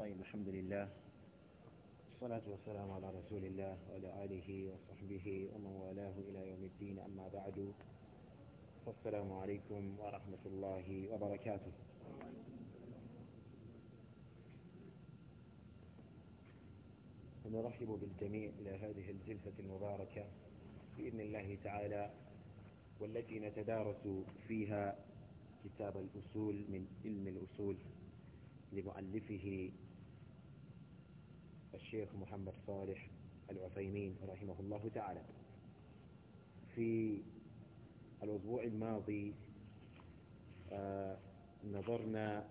طيب الحمد لله والصلاة والسلام على رسول الله وعلى آله وصحبه ومن والاه إلى يوم الدين أما بعد فالسلام عليكم ورحمة الله وبركاته نرحب بالجميع إلى هذه الجلسة المباركة بإذن الله تعالى والتي نتدارس فيها كتاب الأصول من علم الأصول لمؤلفه الشيخ محمد صالح العثيمين رحمه الله تعالى في الأسبوع الماضي آه، نظرنا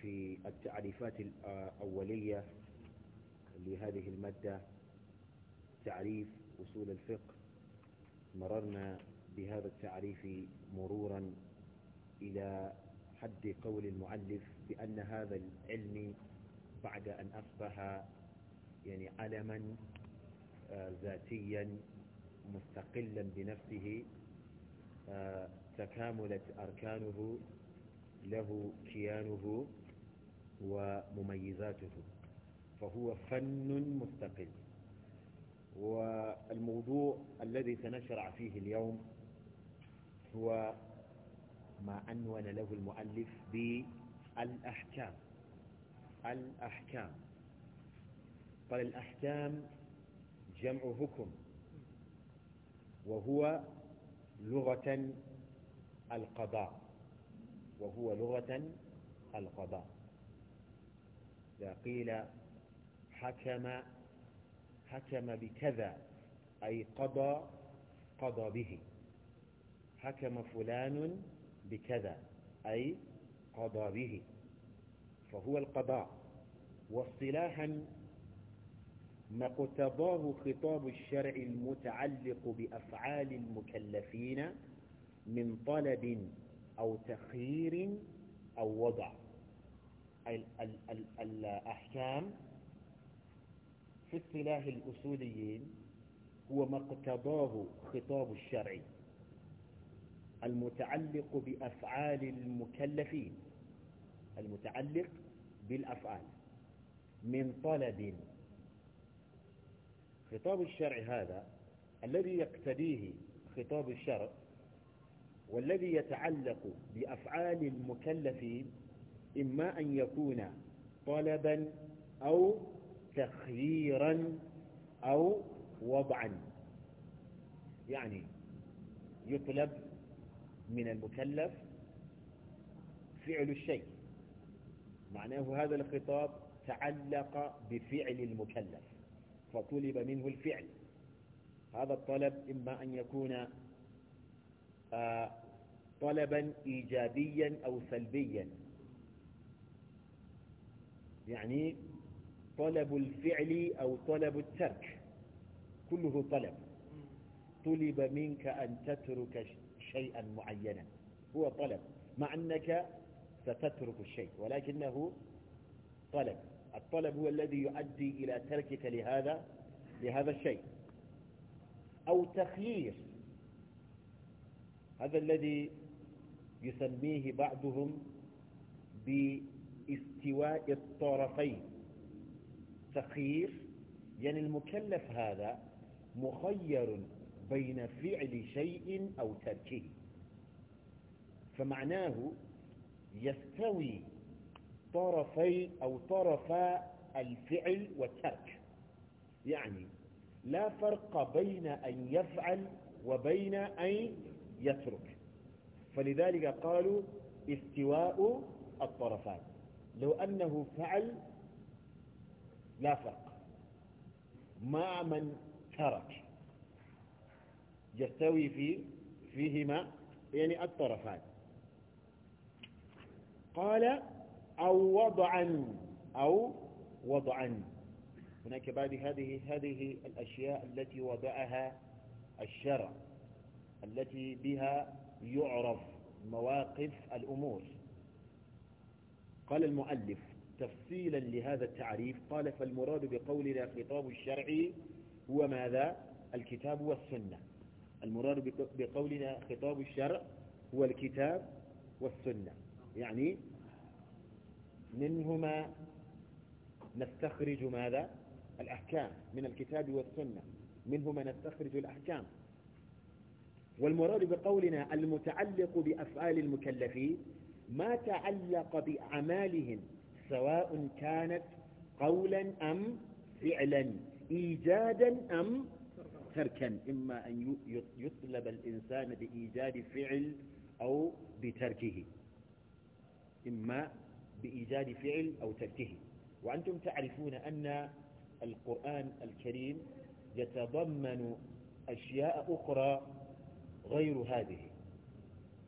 في التعريفات الأولية لهذه المادة تعريف أصول الفقه مررنا بهذا التعريف مرورا إلى حد قول المعلف بأن هذا العلم بعد أن أصبح يعني علما آه، ذاتيا مستقلا بنفسه آه، تكاملت أركانه له كيانه ومميزاته فهو فن مستقل والموضوع الذي سنشرع فيه اليوم هو ما أنون له المؤلف بالأحكام الأحكام قال الأحكام جمع حكم وهو لغة القضاء وهو لغة القضاء إذا قيل حكم حكم بكذا أي قضى قضى به حكم فلان بكذا أي قضى به فهو القضاء واصطلاحا ما اقتضاه خطاب الشرع المتعلق بأفعال المكلفين من طلب أو تخيير أو وضع الأحكام في اصطلاح الأصوليين هو ما اقتضاه خطاب الشرع المتعلق بأفعال المكلفين المتعلق بالأفعال من طلب خطاب الشرع هذا الذي يقتديه خطاب الشرع والذي يتعلق بأفعال المكلفين إما أن يكون طلبا أو تخييرا أو وضعا يعني يطلب من المكلف فعل الشيء معناه هذا الخطاب تعلق بفعل المكلف فطلب منه الفعل هذا الطلب إما أن يكون آه، طلبا إيجابيا أو سلبيا يعني طلب الفعل أو طلب الترك كله طلب طلب منك أن تترك شيئا معينا هو طلب مع أنك ستترك الشيء ولكنه طلب الطلب هو الذي يؤدي إلى تركك لهذا لهذا الشيء أو تخيير هذا الذي يسميه بعضهم باستواء الطرفين تخيير يعني المكلف هذا مخير بين فعل شيء أو تركه فمعناه يستوي طرفي أو طرفا الفعل والترك يعني لا فرق بين أن يفعل وبين أن يترك فلذلك قالوا استواء الطرفان لو أنه فعل لا فرق مع من ترك يستوي في فيهما يعني الطرفان قال أو وضعا أو وضعا هناك بعد هذه هذه الأشياء التي وضعها الشرع التي بها يعرف مواقف الأمور قال المؤلف تفصيلا لهذا التعريف قال فالمراد بقولنا خطاب الشرع هو ماذا الكتاب والسنة المراد بقولنا خطاب الشرع هو الكتاب والسنة يعني منهما نستخرج ماذا الأحكام من الكتاب والسنة منهما نستخرج الأحكام والمراد بقولنا المتعلق بأفعال المكلفين ما تعلق بأعمالهم سواء كانت قولا أم فعلا إيجادا أم تركا إما أن يطلب الإنسان بإيجاد فعل أو بتركه إما بإيجاد فعل أو تركه وأنتم تعرفون أن القرآن الكريم يتضمن أشياء أخرى غير هذه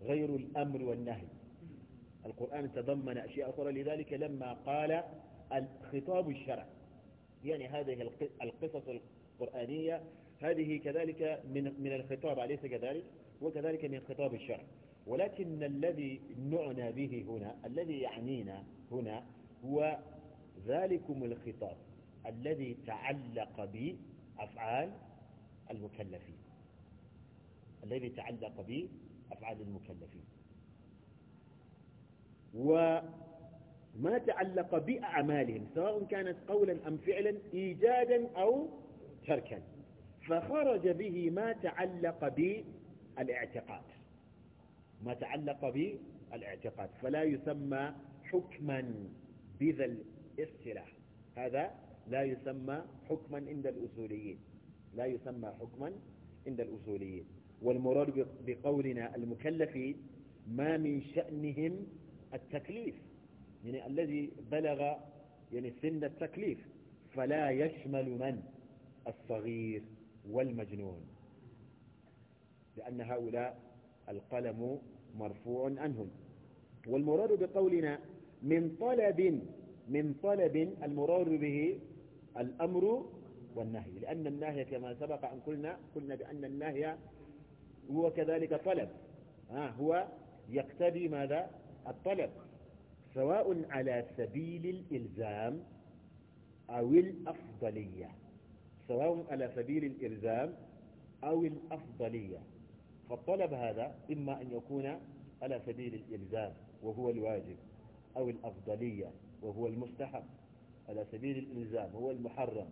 غير الأمر والنهي القرآن تضمن أشياء أخرى لذلك لما قال الخطاب الشرع يعني هذه القصص القرآنية هذه كذلك من من الخطاب أليس كذلك وكذلك من خطاب الشرع ولكن الذي نعنى به هنا الذي يعنينا هنا هو ذلكم الخطاب الذي تعلق بأفعال المكلفين الذي تعلق بأفعال المكلفين وما تعلق بأعمالهم سواء كانت قولا أم فعلا إيجادا أو تركا فخرج به ما تعلق بالاعتقاد ما تعلق بالاعتقاد فلا يسمى حكما بذا الاصطلاح هذا لا يسمى حكما عند الأصوليين لا يسمى حكما عند الأصوليين والمراد بقولنا المكلفين ما من شأنهم التكليف يعني الذي بلغ يعني سن التكليف فلا يشمل من الصغير والمجنون لأن هؤلاء القلم مرفوع عنهم والمراد بقولنا من طلب من طلب المراد به الأمر والنهي لأن النهي كما سبق أن قلنا قلنا بأن النهي هو كذلك طلب ها هو يقتضي ماذا الطلب سواء على سبيل الإلزام أو الأفضلية سواء على سبيل الإلزام أو الأفضلية فالطلب هذا إما أن يكون على سبيل الإلزام وهو الواجب أو الأفضلية وهو المستحب على سبيل الإلزام هو المحرم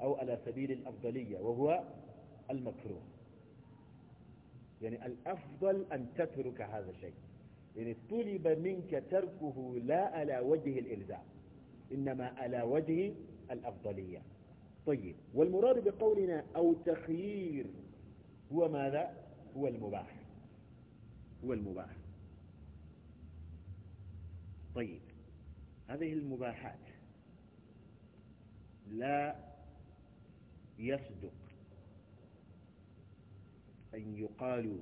أو على سبيل الأفضلية وهو المكروه يعني الأفضل أن تترك هذا الشيء يعني طلب منك تركه لا على وجه الإلزام إنما على وجه الأفضلية طيب والمراد بقولنا أو تخيير هو ماذا هو المباح هو المباح طيب هذه المباحات لا يصدق أن يقال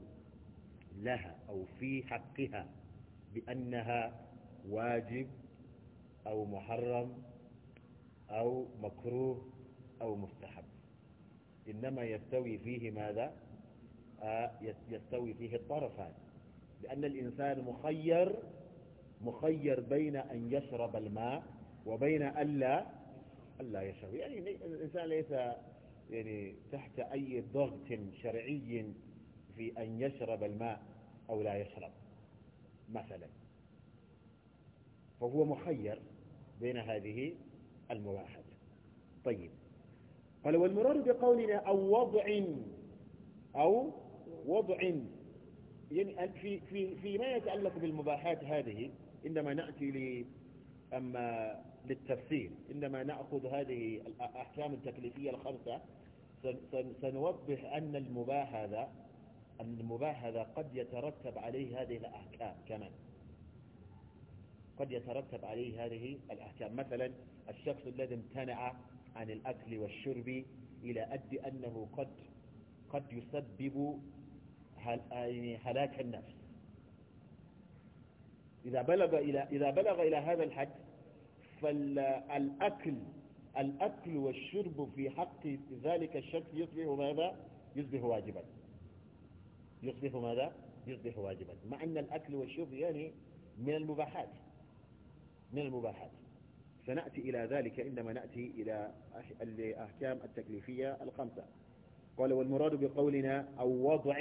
لها أو في حقها بأنها واجب أو محرم أو مكروه أو مستحب إنما يستوي فيه ماذا يستوي فيه الطرفان لأن الإنسان مخير مخير بين أن يشرب الماء وبين ألا ألا يشرب يعني الإنسان ليس يعني تحت أي ضغط شرعي في أن يشرب الماء أو لا يشرب مثلا فهو مخير بين هذه المباحث طيب قال والمراد بقولنا أو وضع أو وضع يعني في في فيما يتعلق بالمباحات هذه عندما نأتي ل أما للتفسير عندما نأخذ هذه الأحكام التكليفية الخمسة سنوضح أن المباح هذا أن المباح هذا قد يترتب عليه هذه الأحكام كمان قد يترتب عليه هذه الأحكام مثلا الشخص الذي امتنع عن الأكل والشرب إلى أد أنه قد قد يسبب آه، يعني هلاك الناس إذا بلغ إلى, إذا بلغ إلى هذا الحد فالأكل الأكل والشرب في حق ذلك الشخص يصبح ماذا؟ يصبح واجبا يصبح ماذا؟ يصبح واجبا مع أن الأكل والشرب يعني من المباحات من المباحات سنأتي إلى ذلك عندما نأتي إلى الأحكام التكليفية الخمسة قال والمراد بقولنا أو وضع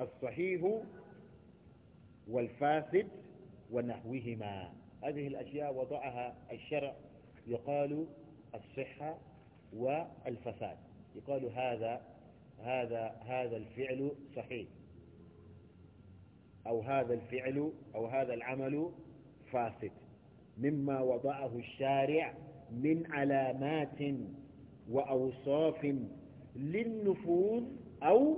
الصحيح والفاسد ونحوهما هذه الأشياء وضعها الشرع يقال الصحة والفساد يقال هذا هذا هذا الفعل صحيح أو هذا الفعل أو هذا العمل فاسد مما وضعه الشارع من علامات وأوصاف للنفوذ أو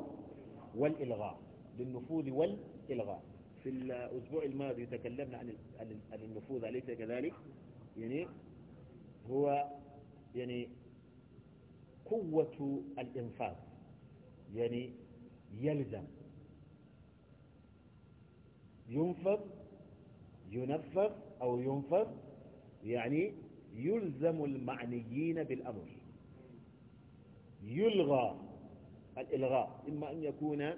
والإلغاء للنفوذ والإلغاء في الأسبوع الماضي تكلمنا عن النفوذ أليس كذلك يعني هو يعني قوة الإنفاذ يعني يلزم ينفذ ينفذ أو ينفذ يعني يلزم المعنيين بالأمر يلغى الإلغاء إما أن يكون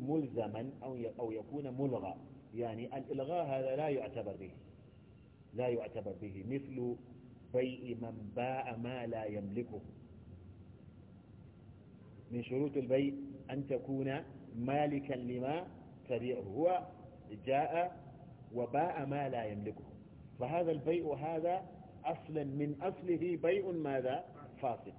ملزما أو أو يكون ملغى يعني الإلغاء هذا لا يعتبر به لا يعتبر به مثل بيع من باع ما لا يملكه من شروط البيع أن تكون مالكا لما تبيعه هو جاء وباء ما لا يملكه فهذا البيع هذا أصلا من أصله بيع ماذا فاسد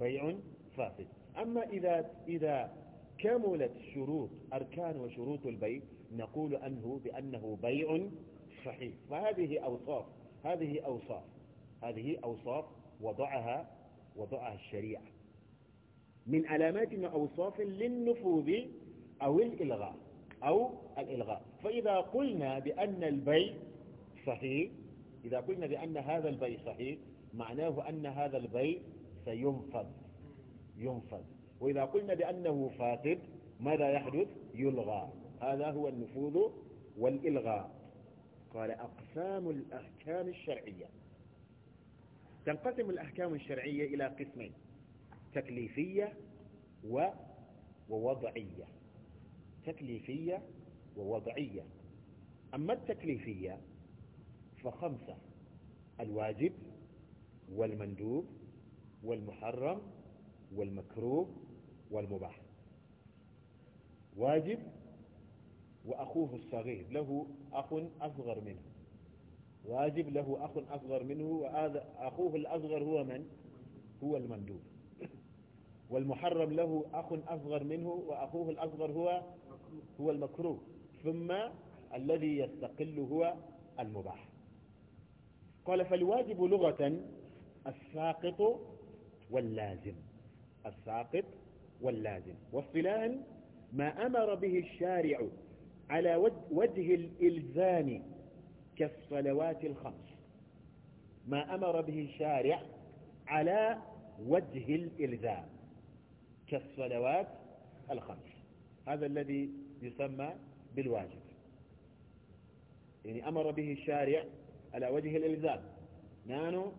بيع فاسد أما إذا, إذا كملت شروط أركان وشروط البيع نقول أنه بأنه بيع صحيح فهذه أوصاف هذه أوصاف هذه أوصاف وضعها وضعها الشريعة من علامات وأوصاف للنفوذ أو الإلغاء أو الإلغاء فإذا قلنا بأن البيع صحيح إذا قلنا بأن هذا البيع صحيح معناه أن هذا البيع سينفذ ينفذ وإذا قلنا بأنه فاقد ماذا يحدث يلغى هذا هو النفوذ والإلغاء قال أقسام الأحكام الشرعية تنقسم الأحكام الشرعية إلى قسمين تكليفية و ووضعية تكليفية ووضعية أما التكليفية فخمسة الواجب والمندوب والمحرم والمكروه والمباح واجب وأخوه الصغير له أخ أصغر منه واجب له أخ أصغر منه وأخوه الأصغر هو من؟ هو المندوب والمحرم له أخ أصغر منه وأخوه الأصغر هو هو المكروه ثم الذي يستقل هو المباح قال فالواجب لغة الساقط واللازم الساقط واللازم واصطلاحا ما أمر به الشارع على وجه الإلزام كالصلوات الخمس ما أمر به الشارع على وجه الإلزام كالصلوات الخمس هذا الذي يسمى بالواجب يعني أمر به الشارع على وجه الإلزام نانو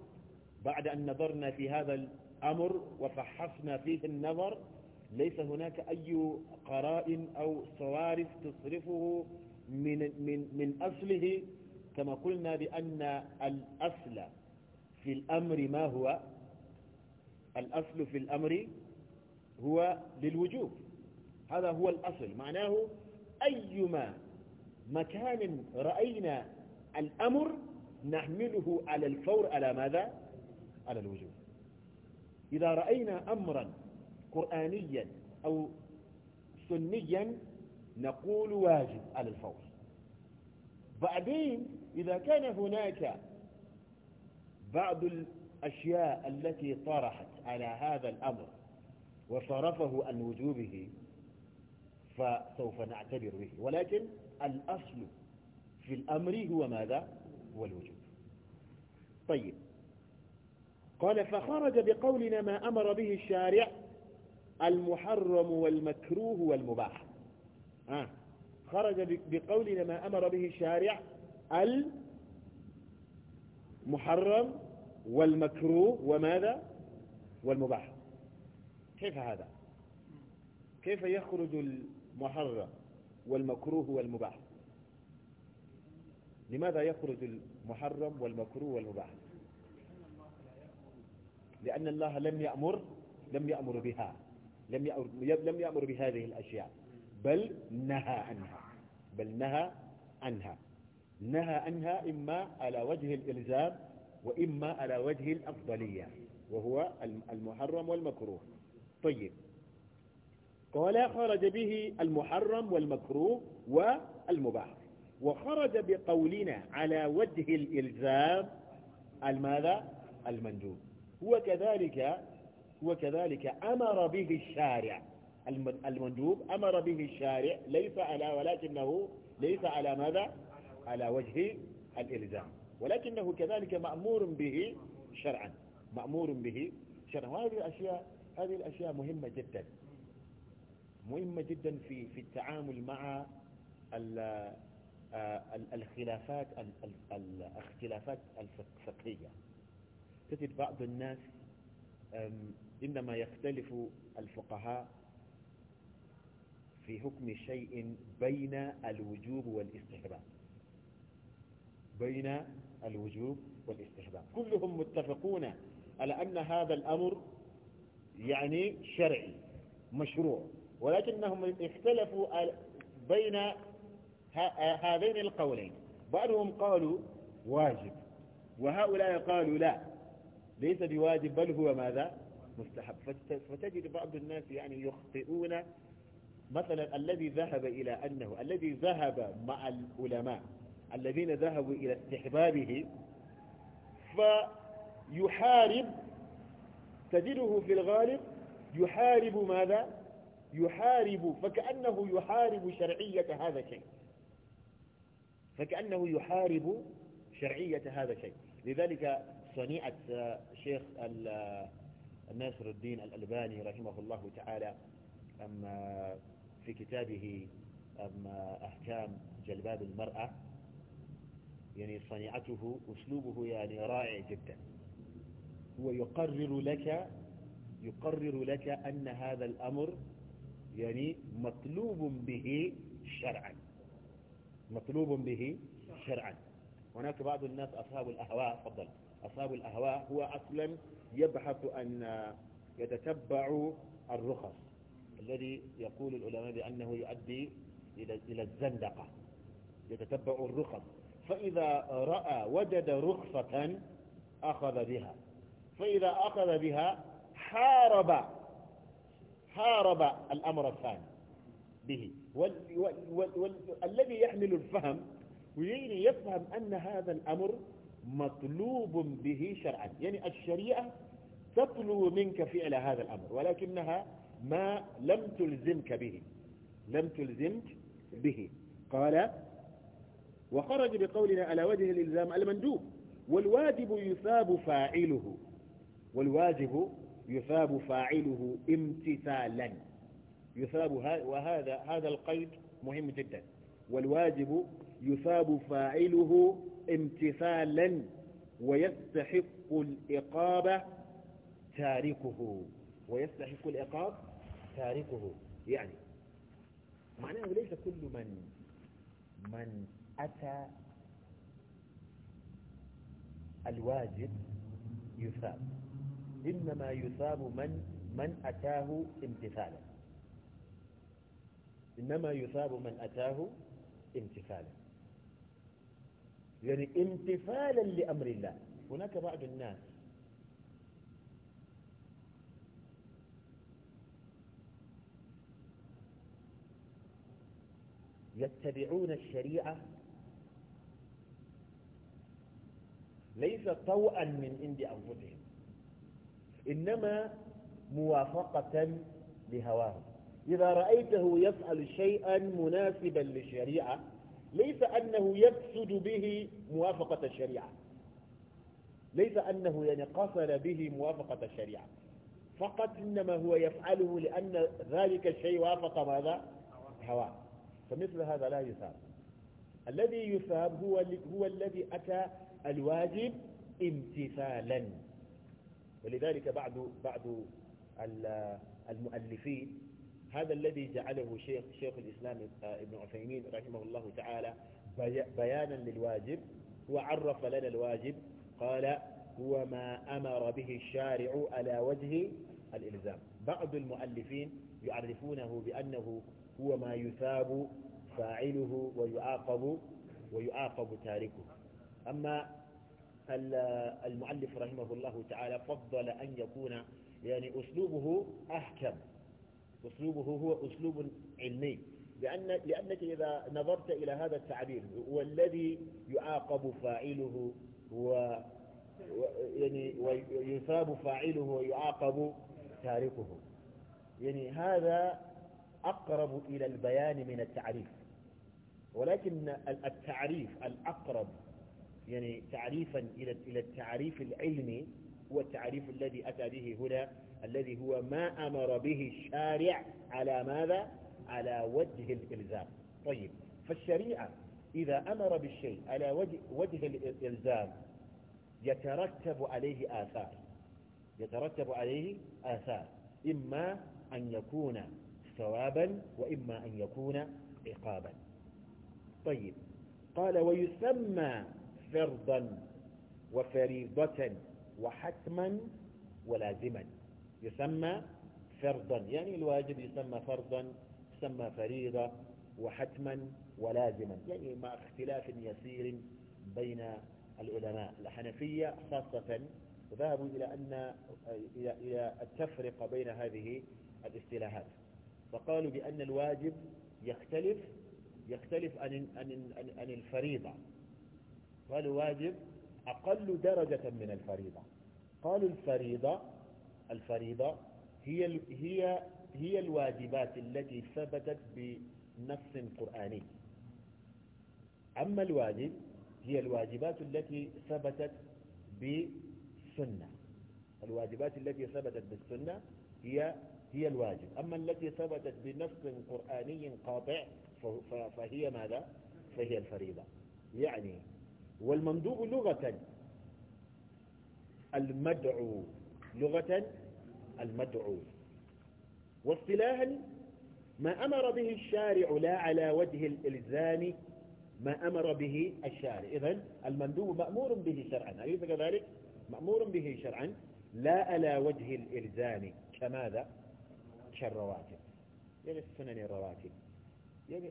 بعد أن نظرنا في هذا الأمر وفحصنا فيه النظر ليس هناك أي قرائن أو صوارف تصرفه من, من, من أصله كما قلنا بأن الأصل في الأمر ما هو الأصل في الأمر هو للوجوب هذا هو الأصل معناه أيما مكان رأينا الأمر نحمله على الفور على ماذا؟ على الوجوب إذا رأينا أمرا قرآنيا أو سنيا نقول واجب على الفور بعدين إذا كان هناك بعض الأشياء التي طرحت على هذا الأمر وصرفه عن وجوبه فسوف نعتبر به ولكن الأصل في الأمر هو ماذا؟ هو الوجوب طيب قال فخرج بقولنا ما أمر به الشارع المحرم والمكروه والمباح آه. خرج بقولنا ما أمر به الشارع المحرم والمكروه وماذا والمباح كيف هذا كيف يخرج المحرم والمكروه والمباح لماذا يخرج المحرم والمكروه والمباح لأن الله لم يأمر لم يأمر بها لم يأمر, لم يأمر بهذه الأشياء بل نهى عنها بل نهى عنها نهى عنها إما على وجه الإلزام وإما على وجه الأفضلية وهو المحرم والمكروه طيب قال خرج به المحرم والمكروه والمباح وخرج بقولنا على وجه الإلزام الماذا؟ المندوب هو كذلك وكذلك أمر به الشارع المندوب أمر به الشارع ليس على ولكنه ليس على ماذا على وجه الإلزام ولكنه كذلك مأمور به شرعا مأمور به شرعا وهذه الأشياء هذه الأشياء مهمة جدا مهمة جدا في في التعامل مع آه، الخلافات الاختلافات الفقهية تجد بعض الناس إنما يختلف الفقهاء في حكم شيء بين الوجوب والاستحباب بين الوجوب والاستحباب كلهم متفقون على أن هذا الأمر يعني شرعي مشروع ولكنهم اختلفوا بين هذين القولين بعضهم قالوا واجب وهؤلاء قالوا لا ليس بواجب بل هو ماذا مستحب فتجد بعض الناس يعني يخطئون مثلا الذي ذهب إلى أنه الذي ذهب مع العلماء الذين ذهبوا إلى استحبابه فيحارب تجده في الغالب يحارب ماذا يحارب فكأنه يحارب شرعية هذا الشيء فكأنه يحارب شرعية هذا الشيء لذلك صنيعة شيخ ناصر الدين الألباني رحمه الله تعالى أما في كتابه أما أحكام جلباب المرأة يعني صنيعته أسلوبه يعني رائع جدا هو يقرر لك يقرر لك أن هذا الأمر يعني مطلوب به شرعا مطلوب به شرعا هناك بعض الناس أصحاب الأهواء فضل أصحاب الأهواء هو أصلا يبحث أن يتتبع الرخص الذي يقول العلماء بأنه يؤدي إلى الزندقة يتتبع الرخص فإذا رأى وجد رخصة أخذ بها فإذا أخذ بها حارب حارب الأمر الثاني به والذي يحمل الفهم ويجري يفهم أن هذا الأمر مطلوب به شرعا يعني الشريعة تطلب منك فعل هذا الأمر ولكنها ما لم تلزمك به لم تلزمك به قال وخرج بقولنا على وجه الإلزام المندوب والواجب يثاب فاعله والواجب يثاب فاعله امتثالا يثاب وهذا هذا القيد مهم جدا والواجب يثاب فاعله امتثالا ويستحق الإقابة تاركه ويستحق العقاب تاركه يعني معناه ليس كل من من أتى الواجب يثاب إنما يثاب من من أتاه امتثالا إنما يثاب من أتاه امتثالا يعني امتثالا لأمر الله هناك بعض الناس يتبعون الشريعة ليس طوعا من عند أنفسهم إنما موافقة لهواهم إذا رأيته يفعل شيئا مناسبا للشريعة ليس أنه يفسد به موافقة الشريعة ليس أنه يعني قصر به موافقة الشريعة فقط إنما هو يفعله لأن ذلك الشيء وافق ماذا؟ هواه فمثل هذا لا يثاب الذي يثاب هو, هو الذي أتى الواجب امتثالا ولذلك بعض بعض المؤلفين هذا الذي جعله شيخ شيخ الإسلام آه، ابن عثيمين رحمه الله تعالى بيانا للواجب وعرف لنا الواجب قال هو ما أمر به الشارع على وجه الإلزام بعض المؤلفين يعرفونه بأنه هو ما يثاب فاعله ويعاقب ويعاقب تاركه أما المؤلف رحمه الله تعالى فضل أن يكون يعني أسلوبه أحكم أسلوبه هو أسلوب علمي لأن لأنك إذا نظرت إلى هذا التعبير والذي يعاقب فاعله و يعني ويثاب فاعله ويعاقب تاركه يعني هذا أقرب إلى البيان من التعريف ولكن التعريف الأقرب يعني تعريفا إلى التعريف العلمي هو التعريف الذي أتى به هنا الذي هو ما أمر به الشارع على ماذا على وجه الإلزام طيب فالشريعة إذا أمر بالشيء على وجه, وجه الإلزام يترتب عليه آثار يترتب عليه آثار إما أن يكون ثوابا وإما أن يكون عقابا طيب قال ويسمى فرضا وفريضة وحتما ولازما يسمى فرضا يعني الواجب يسمى فرضا يسمى فريضة وحتما ولازما يعني مع اختلاف يسير بين العلماء الحنفية خاصة ذهبوا إلى أن إلى التفرقة بين هذه الاصطلاحات فقالوا بأن الواجب يختلف يختلف عن عن عن الفريضة قالوا واجب أقل درجة من الفريضة قالوا الفريضة الفريضة هي هي هي الواجبات التي ثبتت بنص قرآني أما الواجب هي الواجبات التي ثبتت بسنة الواجبات التي ثبتت بالسنة هي هي الواجب أما التي ثبتت بنص قرآني قاطع فهي ماذا؟ فهي الفريضة يعني والمندوب لغة المدعو لغة المدعو واصطلاحا ما أمر به الشارع لا على وجه الإلزام ما أمر به الشارع إذن المندوب مأمور به شرعا أليس كذلك؟ مأمور به شرعا لا على وجه الإلزام كماذا؟ كالرواتب يعني السنن الرواتب يعني,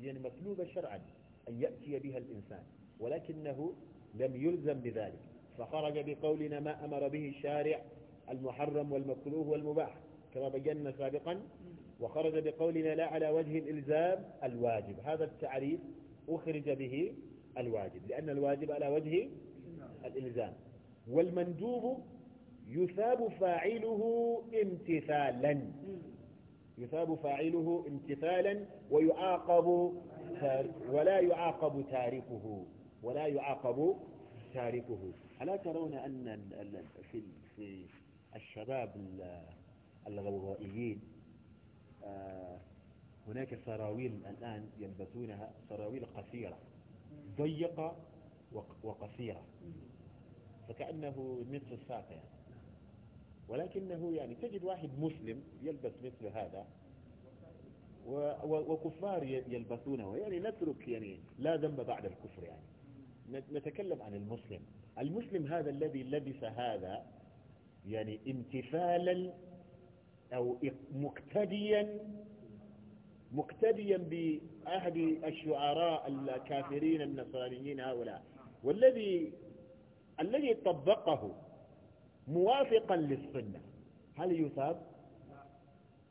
يعني مسلوب يعني شرعا أن يأتي بها الإنسان ولكنه لم يلزم بذلك فخرج بقولنا ما أمر به الشارع المحرم والمكروه والمباح كما بينا سابقا وخرج بقولنا لا على وجه الإلزام الواجب هذا التعريف أخرج به الواجب لأن الواجب على وجه الإلزام والمندوب يثاب فاعله امتثالا يثاب فاعله امتثالا ويعاقب ولا يعاقب تاركه ولا يعاقب تاركه ألا ترون أن في في الشباب الغوغائيين آه، هناك سراويل الآن يلبسونها سراويل قصيرة ضيقة وقصيرة فكأنه مثل الساق يعني ولكنه يعني تجد واحد مسلم يلبس مثل هذا وكفار يلبسونه يعني نترك يعني لا ذنب بعد الكفر يعني نتكلم عن المسلم المسلم هذا الذي لبس هذا يعني امتثالا أو مقتديا مقتديا بأحد الشعراء الكافرين النصرانيين هؤلاء والذي الذي طبقه موافقا للسنة هل يثاب؟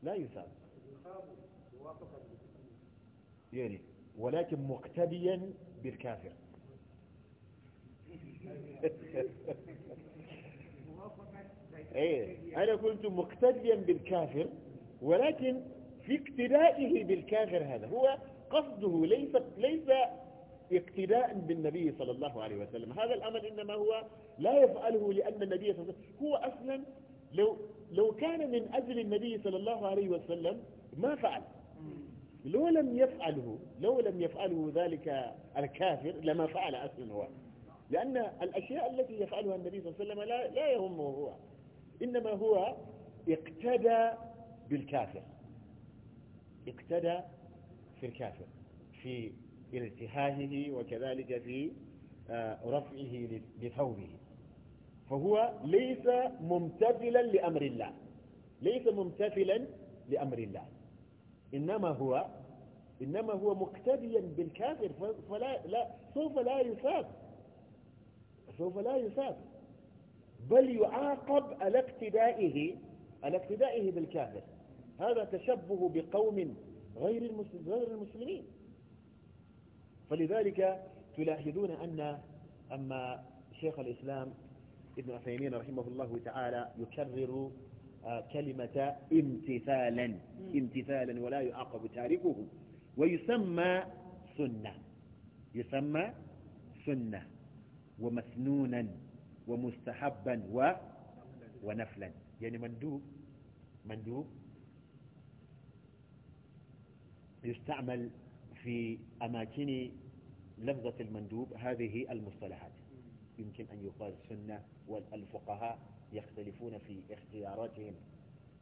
لا يثاب يعني ولكن مقتديا بالكافر ايه انا كنت مقتديا بالكافر ولكن في اقتدائه بالكافر هذا هو قصده ليس ليس اقتداء بالنبي صلى الله عليه وسلم هذا الامر انما هو لا يفعله لان النبي صلى الله عليه وسلم هو اصلا لو لو كان من اجل النبي صلى الله عليه وسلم ما فعل لو لم يفعله لو لم يفعله ذلك الكافر لما فعل اصلا هو لأن الأشياء التي يفعلها النبي صلى الله عليه وسلم لا, لا يهمه هو إنما هو اقتدى بالكافر اقتدى في الكافر في التهاهه وكذلك في آه، رفعه لثوبه فهو ليس ممتثلا لأمر الله ليس ممتثلا لأمر الله إنما هو إنما هو مقتديا بالكافر فلا لا سوف لا يثاب سوف لا يثاب بل يعاقب على اقتدائه على اقتدائه بالكافر هذا تشبه بقوم غير غير المسلمين فلذلك تلاحظون أن أما شيخ الإسلام ابن عثيمين رحمه الله تعالى يكرر آه، كلمة امتثالا امتثالا ولا يعاقب تاركه ويسمى سنة يسمى سنة ومسنونا ومستحبا و ونفلا يعني مندوب مندوب يستعمل في أماكن لفظة المندوب هذه المصطلحات يمكن أن يقال السنة والفقهاء يختلفون في اختياراتهم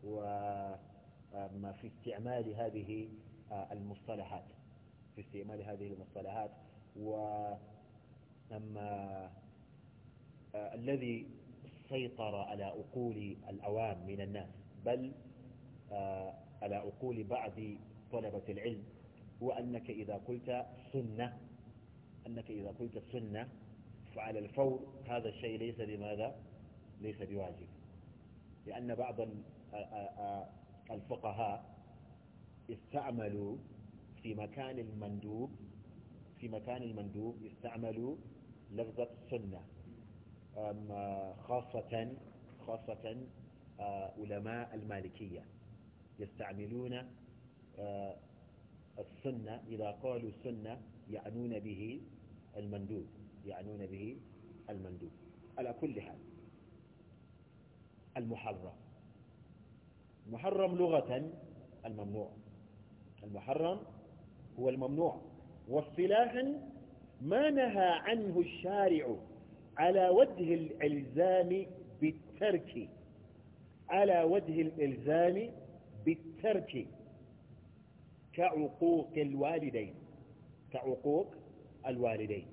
وما في استعمال هذه المصطلحات في استعمال هذه المصطلحات أما آه، الذي سيطر على عقول الاوان من الناس بل آه، على عقول بعض طلبة العلم هو أنك إذا قلت سنة أنك إذا قلت سنة فعلى الفور هذا الشيء ليس بماذا ليس بواجب لأن بعض آه، الفقهاء استعملوا في مكان المندوب في مكان المندوب استعملوا لفظة سنة خاصة خاصة آه، علماء المالكية يستعملون آه، السنة إذا قالوا سنة يعنون به المندوب يعنون به المندوب على كل حال المحرم المحرم لغة الممنوع المحرم هو الممنوع واصطلاحا ما نهى عنه الشارع على وجه الالزام بالترك على وجه الالزام بالترك كعقوق الوالدين كعقوق الوالدين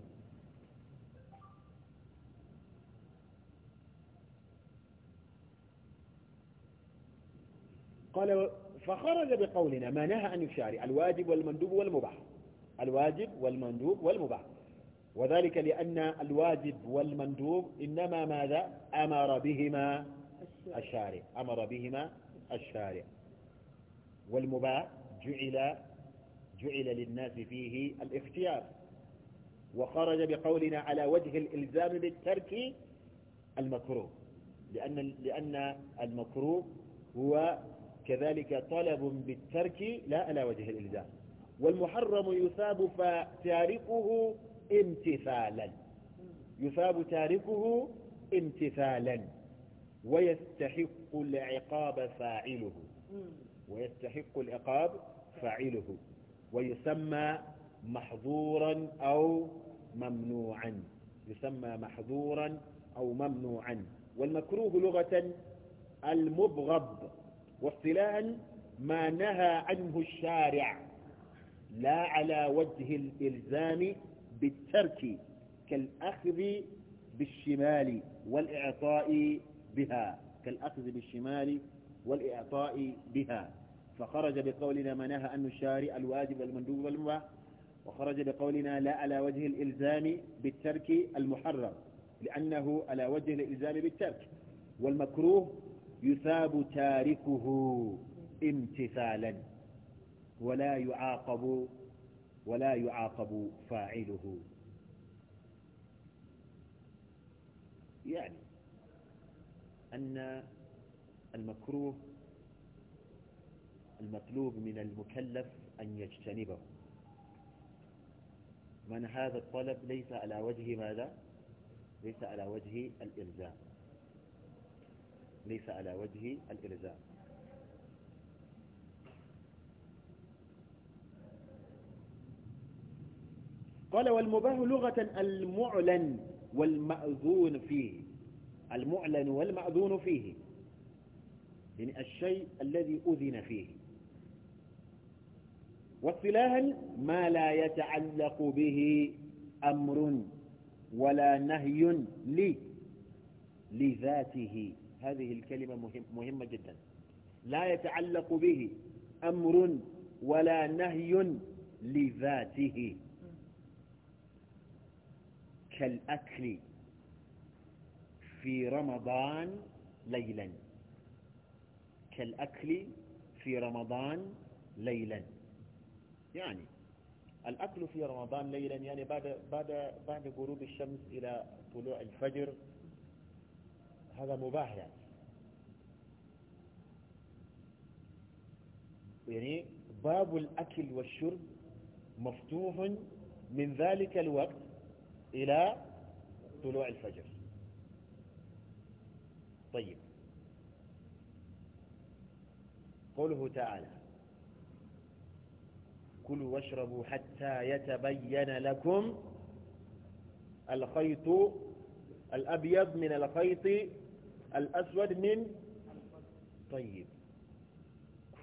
قال فخرج بقولنا ما نهى عن الشارع الواجب والمندوب والمباح الواجب والمندوب والمباح وذلك لأن الواجب والمندوب إنما ماذا أمر بهما الشارع أمر بهما الشارع والمباح جعل جعل للناس فيه الاختيار وخرج بقولنا على وجه الإلزام بالترك المكروه لأن, لأن المكروه هو كذلك طلب بالترك لا على وجه الإلزام والمحرم يثاب فتاركه امتثالا يثاب تاركه امتثالا ويستحق العقاب فاعله ويستحق العقاب فاعله ويسمى محظورا أو ممنوعا يسمى محظورا أو ممنوعا والمكروه لغة المبغض واصطلاحا ما نهى عنه الشارع لا على وجه الإلزام بالترك كالأخذ بالشمال والإعطاء بها كالأخذ بالشمال والإعطاء بها فخرج بقولنا نهى أن نشارع الواجب والمندوب والمباح وخرج بقولنا لا على وجه الإلزام بالترك المحرم لأنه على وجه الإلزام بالترك والمكروه يثاب تاركه امتثالا ولا يعاقب ولا يعاقب فاعله يعني أن المكروه المطلوب من المكلف أن يجتنبه من هذا الطلب ليس على وجه ماذا ليس على وجه الإلزام ليس على وجه الإلزام قال والمباه لغة المعلن والمأذون فيه المعلن والمأذون فيه يعني الشيء الذي أذن فيه واصطلاحا ما لا يتعلق به أمر ولا نهي لي لذاته هذه الكلمة مهم مهمة جدا لا يتعلق به أمر ولا نهي لذاته كالأكل في رمضان ليلا كالأكل في رمضان ليلا يعني الأكل في رمضان ليلا يعني بعد, بعد, بعد غروب الشمس إلى طلوع الفجر هذا مباح يعني يعني باب الأكل والشرب مفتوح من ذلك الوقت إلى طلوع الفجر طيب قوله تعالى كلوا واشربوا حتى يتبين لكم الخيط الأبيض من الخيط الأسود من طيب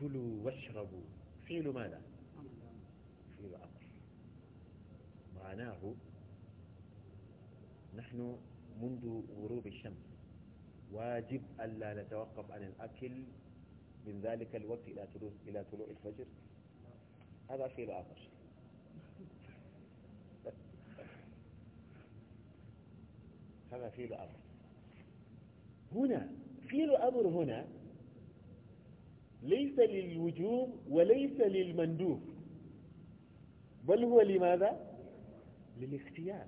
كلوا واشربوا فعل ماذا فعل أمر معناه نحن منذ غروب الشمس واجب ألا نتوقف عن الأكل من ذلك الوقت إلى طلوع إلى طلوع الفجر هذا شيء آخر هذا فيل أمر هنا فيل أمر هنا ليس للوجوب وليس للمندوب بل هو لماذا للاختيار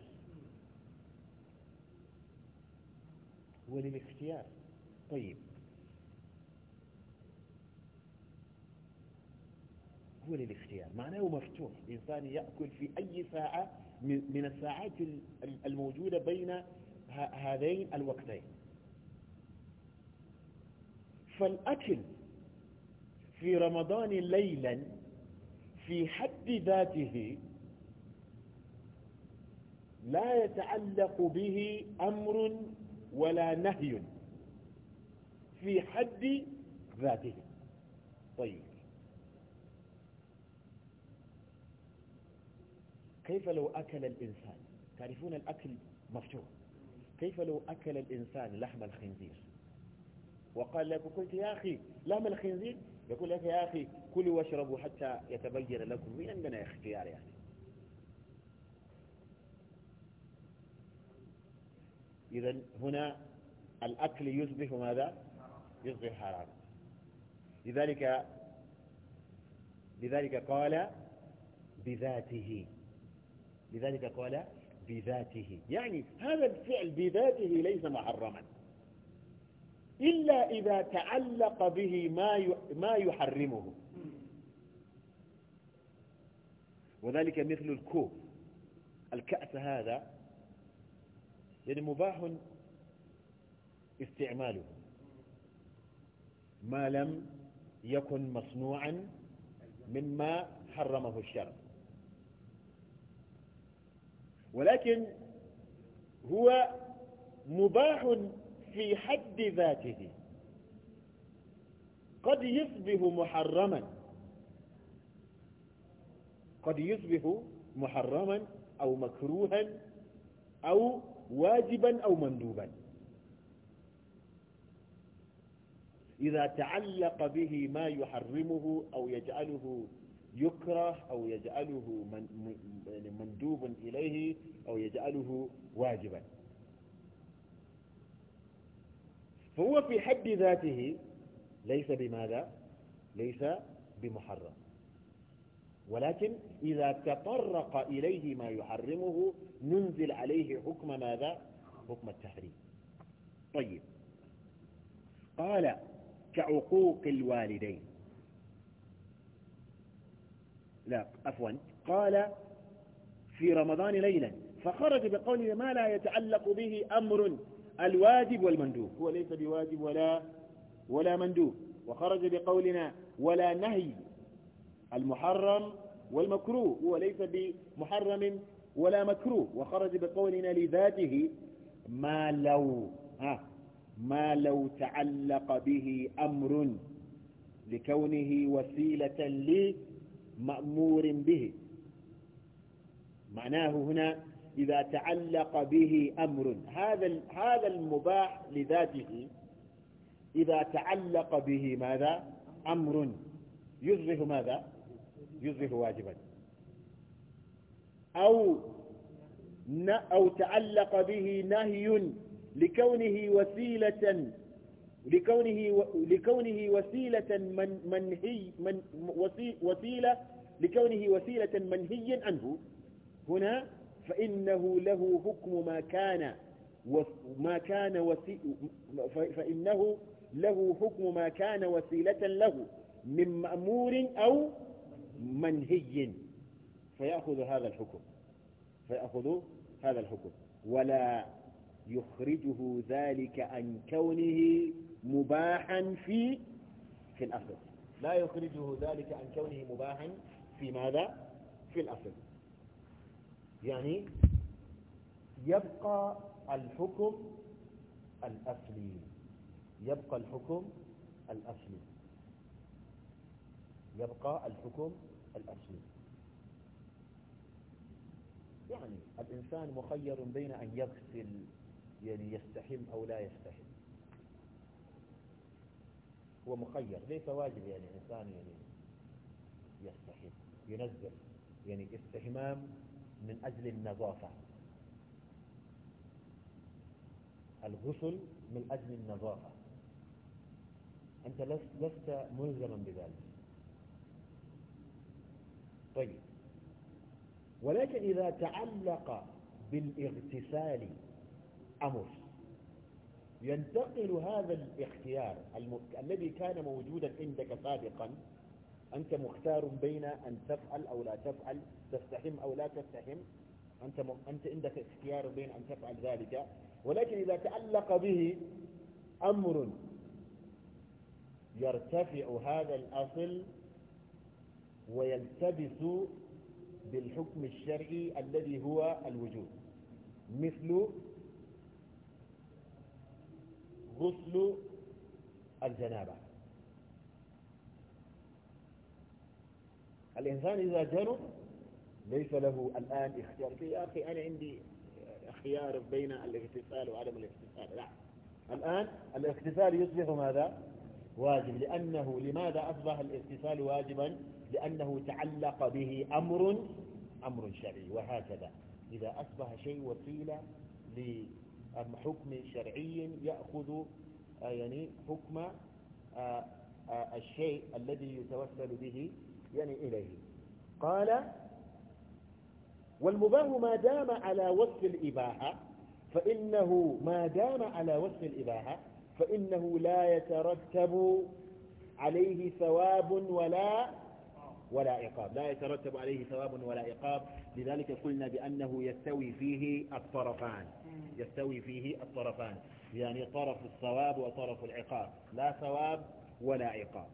هو للاختيار طيب هو للاختيار معناه مفتوح الإنسان يأكل في أي ساعة من الساعات الموجودة بين هذين الوقتين فالأكل في رمضان ليلا في حد ذاته لا يتعلق به أمر ولا نهي في حد ذاته طيب كيف لو أكل الإنسان تعرفون الأكل مفتوح كيف لو أكل الإنسان لحم الخنزير وقال لك قلت يا أخي لحم الخنزير يقول لك يا أخي كلوا واشربوا حتى يتبين لكم عندنا اختيار يعني إذا هنا الأكل يصبح ماذا يصبح حراما لذلك لذلك قال بذاته لذلك قال بذاته يعني هذا الفعل بذاته ليس محرما إلا إذا تعلق به ما ما يحرمه وذلك مثل الكوب الكأس هذا يعني مباح استعماله ما لم يكن مصنوعا مما حرمه الشرع ولكن هو مباح في حد ذاته قد يصبح محرما قد يصبح محرما أو مكروها أو واجبا أو مندوبا إذا تعلق به ما يحرمه أو يجعله يكره أو يجعله يعني مندوب إليه أو يجعله واجبا فهو في حد ذاته ليس بماذا ليس بمحرم ولكن إذا تطرق إليه ما يحرمه ننزل عليه حكم ماذا حكم التحريم طيب قال كعقوق الوالدين لا عفوا قال في رمضان ليلا فخرج بقوله ما لا يتعلق به أمر الواجب والمندوب هو ليس بواجب ولا ولا مندوب وخرج بقولنا ولا نهي المحرم والمكروه هو ليس بمحرم ولا مكروه وخرج بقولنا لذاته ما لو ها ما لو تعلق به أمر لكونه وسيلة لمأمور به معناه هنا إذا تعلق به أمر هذا هذا المباح لذاته إذا تعلق به ماذا أمر يزره ماذا يزره واجبا أو أو تعلق به نهي لكونه وسيلة لكونه لكونه وسيلة من منهي من وسيلة لكونه وسيلة منهيا عنه هنا فإنه له حكم ما كان ما كان وسي فإنه له حكم ما كان وسيلة له من مأمور أو منهي فيأخذ هذا الحكم فيأخذ هذا الحكم ولا يخرجه ذلك عن كونه مباحا في في الأصل لا يخرجه ذلك عن كونه مباحا في ماذا في الأصل يعني يبقى الحكم الأصلي يبقى الحكم الأصلي يبقى الحكم الأصلي يعني الإنسان مخير بين أن يغسل يعني يستحم أو لا يستحم هو مخير ليس واجب يعني الإنسان يعني يستحم ينزل يعني استحمام من أجل النظافة الغسل من أجل النظافة أنت لست ملزما بذلك طيب ولكن إذا تعلق بالاغتسال أمر ينتقل هذا الاختيار الم... الذي كان موجودا عندك سابقا أنت مختار بين أن تفعل أو لا تفعل تستحم أو لا تستحم أنت, م... أنت عندك اختيار بين أن تفعل ذلك ولكن إذا تعلق به أمر يرتفع هذا الأصل ويلتبس بالحكم الشرعي الذي هو الوجوب مثل غسل الجنابة الإنسان إذا جنب ليس له الآن اختيار يا أخي أنا عندي خيار بين الاغتسال وعدم الاغتسال لا الآن الاغتسال يصبح ماذا؟ واجب لأنه لماذا أصبح الاغتسال واجبا؟ لأنه تعلق به أمر أمر شرعي وهكذا إذا أصبح شيء وسيلة لحكم شرعي يأخذ آه، يعني حكم آه، آه، الشيء الذي يتوسل به يعني إليه قال والمباه ما دام على وصف الإباحة فإنه ما دام على وصف الإباحة فإنه لا يترتب عليه ثواب ولا ولا عقاب لا يترتب عليه ثواب ولا عقاب لذلك قلنا بأنه يستوي فيه الطرفان يستوي فيه الطرفان يعني طرف الثواب وطرف العقاب لا ثواب ولا عقاب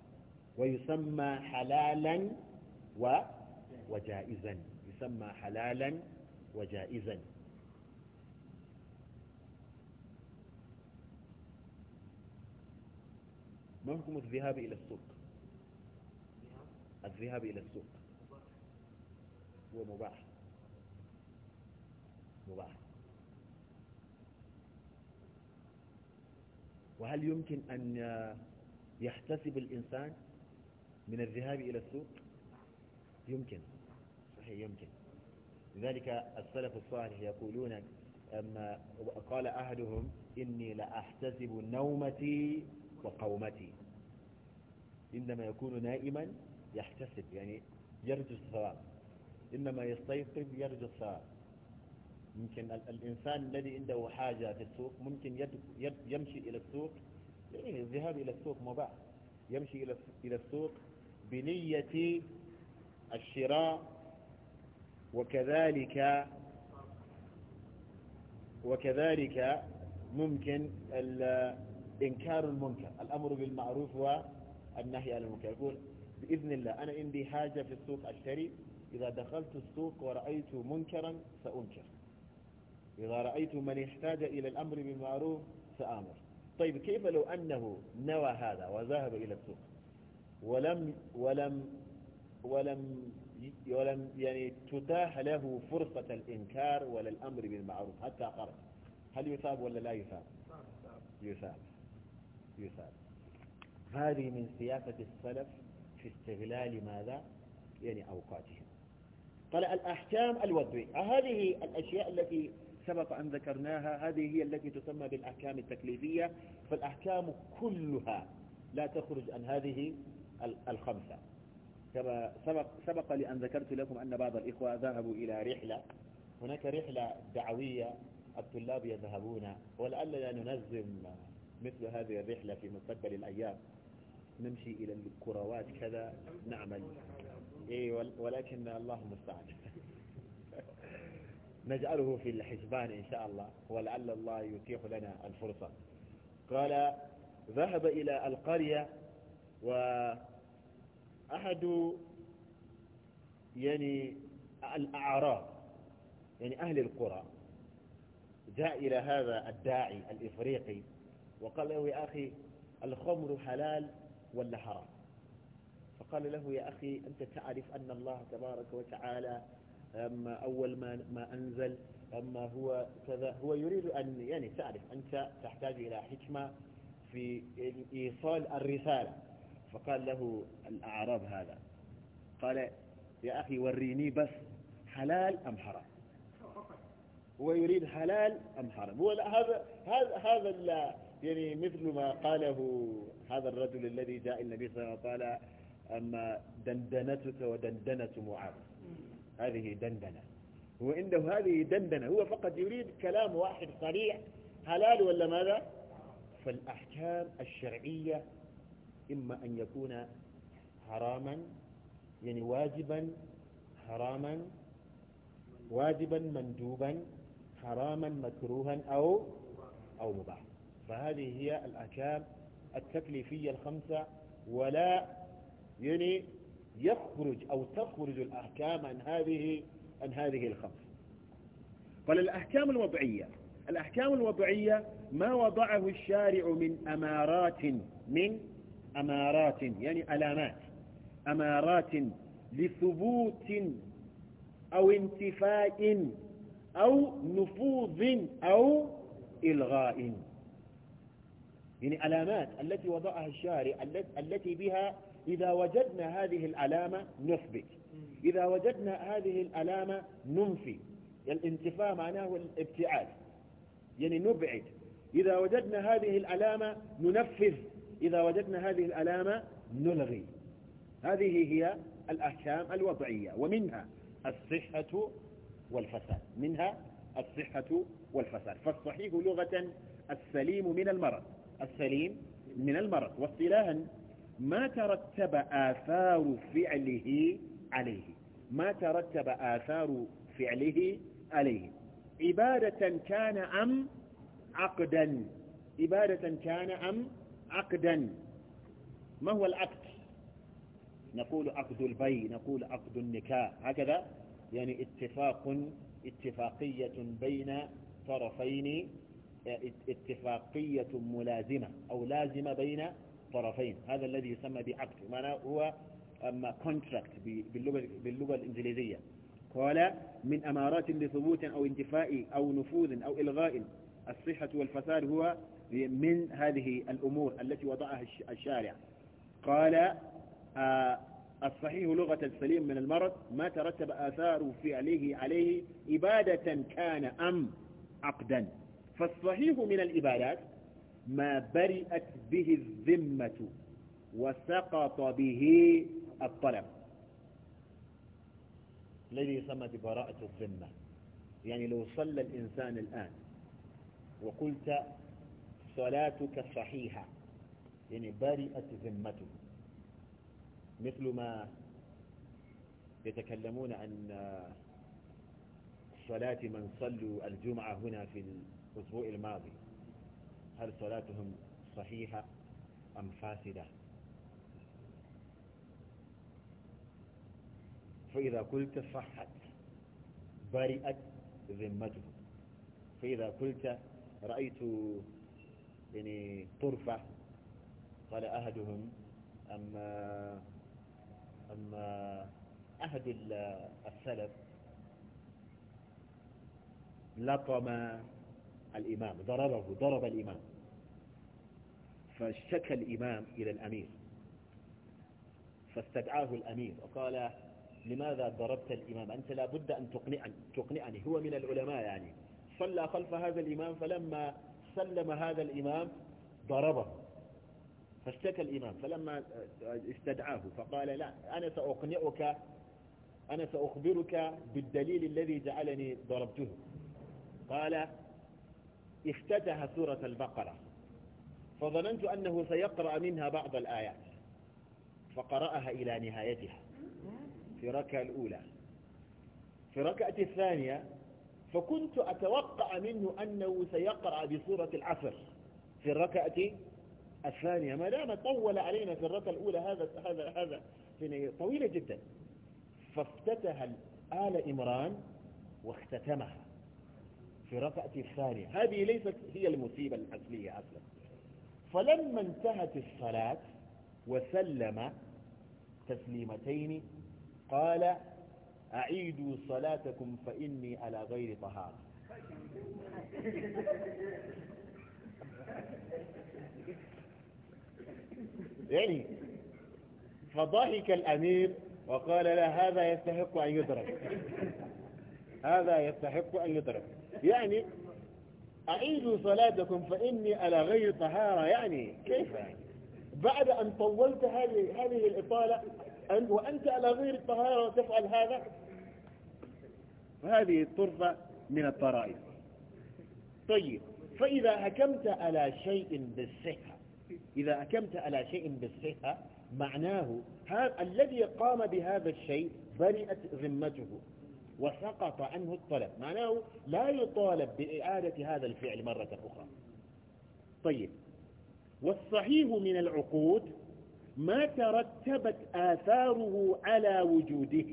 ويسمى حلالا و وجائزا يسمى حلالا وجائزا ما حكم الذهاب إلى السوق الذهاب إلى السوق هو مباح مباح وهل يمكن أن يحتسب الإنسان من الذهاب إلى السوق يمكن صحيح يمكن لذلك السلف الصالح يقولون أما قال أحدهم إني لأحتسب نومتي وقومتي عندما يكون نائما يحتسب يعني يرجو الثواب إنما يستيقظ يرجو الثواب ممكن الإنسان الذي عنده حاجة في السوق ممكن يمشي إلى السوق يعني الذهاب إلى السوق مباح يمشي إلى السوق بنية الشراء وكذلك وكذلك ممكن إنكار المنكر الأمر بالمعروف والنهي عن المنكر يقول بإذن الله أنا عندي حاجة في السوق أشتري إذا دخلت السوق ورأيت منكرا سأنكر إذا رأيت من احتاج إلى الأمر بالمعروف سآمر طيب كيف لو أنه نوى هذا وذهب إلى السوق ولم ولم ولم ولم يعني تتاح له فرصة الإنكار ولا الأمر بالمعروف حتى قرأ هل يثاب ولا لا يثاب يثاب يثاب هذه من سياسة السلف في استغلال ماذا يعني أوقاتهم قال الأحكام الوضعية هذه الأشياء التي سبق أن ذكرناها هذه هي التي تسمى بالأحكام التكليفية فالأحكام كلها لا تخرج عن هذه الخمسة كما سبق, سبق لأن ذكرت لكم أن بعض الإخوة ذهبوا إلى رحلة هناك رحلة دعوية الطلاب يذهبون ولعلنا ننظم مثل هذه الرحلة في مستقبل الأيام نمشي إلى الكروات كذا نعمل إيه ولكن الله المستعان نجعله في الحسبان إن شاء الله ولعل الله يتيح لنا الفرصة قال ذهب إلى القرية وأحد يعني الأعراب يعني أهل القرى جاء إلى هذا الداعي الإفريقي وقال له يا أخي الخمر حلال ولا حرام فقال له يا أخي أنت تعرف أن الله تبارك وتعالى أما أول ما, ما أنزل أما هو كذا هو يريد أن يعني تعرف أنت تحتاج إلى حكمة في إيصال الرسالة فقال له الأعراب هذا قال يا أخي وريني بس حلال أم حرام هو يريد حلال أم حرام هو هذا هذا هذا يعني مثل ما قاله هذا الرجل الذي جاء النبي صلى الله عليه وسلم قال أما دندنتك ودندنة معاذ هذه دندنة هو عنده هذه دندنة هو فقط يريد كلام واحد صريح حلال ولا ماذا فالأحكام الشرعية إما أن يكون حراما يعني واجبا حراما واجبا مندوبا حراما مكروها أو أو مباح فهذه هي الأحكام التكليفية الخمسة ولا يعني يخرج أو تخرج الأحكام عن هذه عن هذه الخمس فالأحكام الوضعية الأحكام الوضعية ما وضعه الشارع من أمارات من أمارات يعني ألامات أمارات لثبوت أو انتفاء أو نفوذ أو إلغاء يعني علامات التي وضعها الشارع التي بها إذا وجدنا هذه العلامة نثبت إذا وجدنا هذه العلامة ننفي الانتفاء معناه الابتعاد يعني نبعد إذا وجدنا هذه العلامة ننفذ إذا وجدنا هذه العلامة نلغي هذه هي الأحكام الوضعية ومنها الصحة والفساد منها الصحة والفساد فالصحيح لغة السليم من المرض السليم من المرض واصطلاحا ما ترتب آثار فعله عليه ما ترتب آثار فعله عليه عبادة كان أم عقدا عبادة كان أم عقدا ما هو العقد نقول عقد البي نقول عقد النكاح هكذا يعني اتفاق اتفاقية بين طرفين اتفاقية ملازمة أو لازمة بين طرفين هذا الذي يسمى بعقد معناه هو أما كونتراكت باللغة, باللغة الإنجليزية قال من أمارات لثبوت أو انتفاء أو نفوذ أو إلغاء الصحة والفساد هو من هذه الأمور التي وضعها الشارع قال آه، الصحيح لغة السليم من المرض ما ترتب آثار فعله عليه إبادة كان أم عقدا فالصحيح من العبادات ما برئت به الذمة وسقط به الطلب الذي يسمى ببراءة الذمة يعني لو صلى الإنسان الآن وقلت صلاتك صحيحة يعني برئت ذمته مثل ما يتكلمون عن صلاة من صلوا الجمعة هنا في الأسبوع الماضي هل صلاتهم صحيحة أم فاسدة فإذا قلت صحت برئت ذمته فإذا قلت رأيت يعني طرفة قال أحدهم أما أما أحد السلف لطم الإمام ضربه ضرب الإمام فاشتكى الإمام إلى الأمير فاستدعاه الأمير وقال لماذا ضربت الإمام أنت لابد أن تقنعني, تقنعني هو من العلماء يعني صلى خلف هذا الإمام فلما سلم هذا الإمام ضربه فاشتكى الإمام فلما استدعاه فقال لا أنا سأقنعك أنا سأخبرك بالدليل الذي جعلني ضربته قال افتتح سورة البقرة فظننت أنه سيقرأ منها بعض الآيات فقرأها إلى نهايتها في ركعة الأولى في ركعة الثانية فكنت أتوقع منه أنه سيقرأ بسورة العصر في الركعة الثانية ما دام طول علينا في الركعة الأولى هذا هذا هذا طويلة جدا فافتتح آل إمران واختتمها في الركعة الثانية هذه ليست هي المصيبة الأصلية أصلا فلما انتهت الصلاة وسلم تسليمتين قال أعيدوا صلاتكم فإني على غير طهارة يعني فضحك الأمير وقال لا هذا يستحق أن يدرك هذا يستحق أن يترك يعني أعيدوا صلاتكم فإني على غير طهارة يعني كيف يعني بعد أن طولت هذه هذه الإطالة أن وأنت على غير طهارة وتفعل هذا هذه الطرفة من الطرائف طيب فإذا حكمت على شيء بالصحة إذا حكمت على شيء بالصحة معناه هذا الذي قام بهذا الشيء برئت ذمته وسقط عنه الطلب معناه لا يطالب بإعادة هذا الفعل مرة أخرى طيب والصحيح من العقود ما ترتبت آثاره على وجوده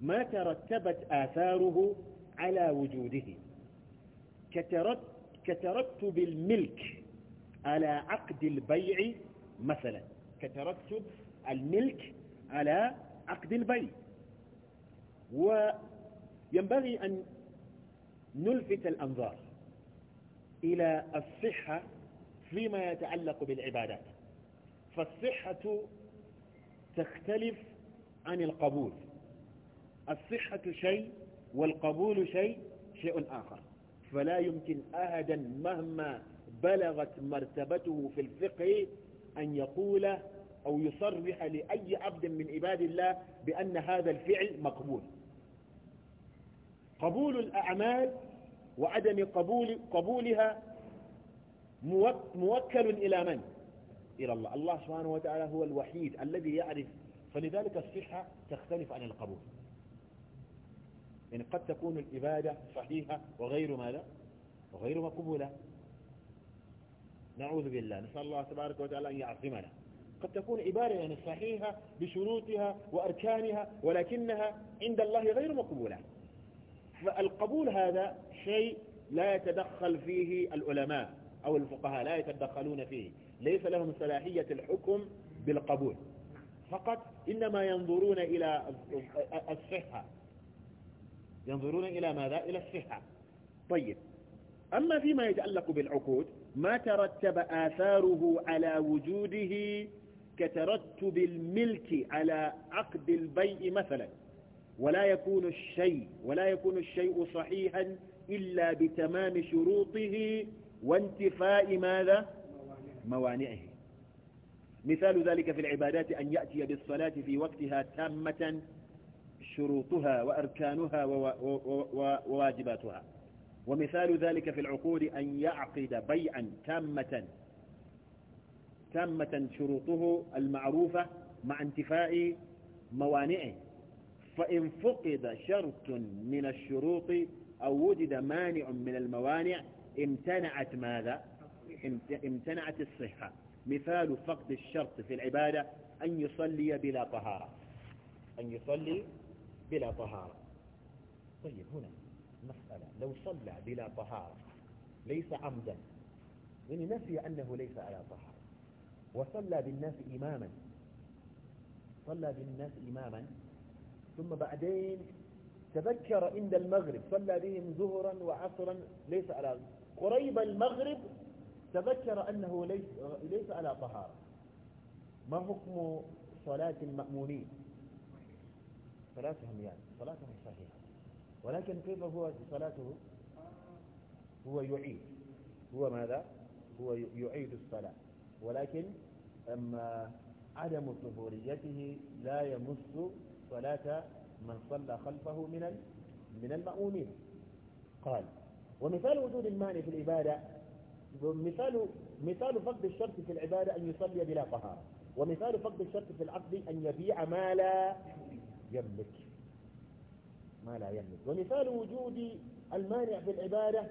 ما ترتبت آثاره على وجوده كترتب الملك على عقد البيع مثلا كترتب الملك على عقد البيع وينبغي أن نلفت الأنظار إلى الصحة فيما يتعلق بالعبادات فالصحة تختلف عن القبول الصحة شيء والقبول شيء شيء آخر فلا يمكن أحدا مهما بلغت مرتبته في الفقه أن يقول أو يصرح لأي عبد من عباد الله بأن هذا الفعل مقبول قبول الأعمال وعدم قبول قبولها موكل إلى من؟ إلى الله الله سبحانه وتعالى هو الوحيد الذي يعرف فلذلك الصحة تختلف عن القبول يعني قد تكون الإبادة صحيحة وغير ماذا؟ وغير مقبولة نعوذ بالله نسأل الله تبارك وتعالى أن يعظمنا قد تكون عبارة يعني صحيحة بشروطها وأركانها ولكنها عند الله غير مقبولة فالقبول هذا شيء لا يتدخل فيه العلماء أو الفقهاء لا يتدخلون فيه ليس لهم صلاحية الحكم بالقبول فقط إنما ينظرون إلى الصحة ينظرون إلى ماذا؟ إلى الصحة طيب أما فيما يتعلق بالعقود ما ترتب آثاره على وجوده كترتب الملك على عقد البيع مثلا ولا يكون الشيء ولا يكون الشيء صحيحا إلا بتمام شروطه وانتفاء ماذا موانعه مثال ذلك في العبادات أن يأتي بالصلاة في وقتها تامة شروطها وأركانها وواجباتها ومثال ذلك في العقود أن يعقد بيعا تامة تامة شروطه المعروفة مع انتفاء موانعه فإن فقد شرط من الشروط أو وجد مانع من الموانع امتنعت ماذا امتنعت الصحة مثال فقد الشرط في العبادة أن يصلي بلا طهارة أن يصلي بلا طهارة طيب هنا مسألة لو صلى بلا طهارة ليس عمدا يعني نفي أنه ليس على طهارة وصلى بالناس إماما صلى بالناس إماما ثم بعدين تذكر عند المغرب صلى بهم ظهرا وعصرا ليس على قريب المغرب تذكر أنه ليس, ليس على طهارة ما حكم صلاة المأمونين صلاتهم يعني صلاتهم صحيحة ولكن كيف هو صلاته هو يعيد هو ماذا هو يعيد الصلاة ولكن أما عدم طهوريته لا يمس صلاة من صلى خلفه من من المأمومين قال ومثال وجود المانع في العبادة مثال مثال فقد الشرط في العبادة أن يصلي بلا طهارة ومثال فقد الشرط في العقد أن يبيع ما لا يملك ما لا يملك ومثال وجود المانع في العبادة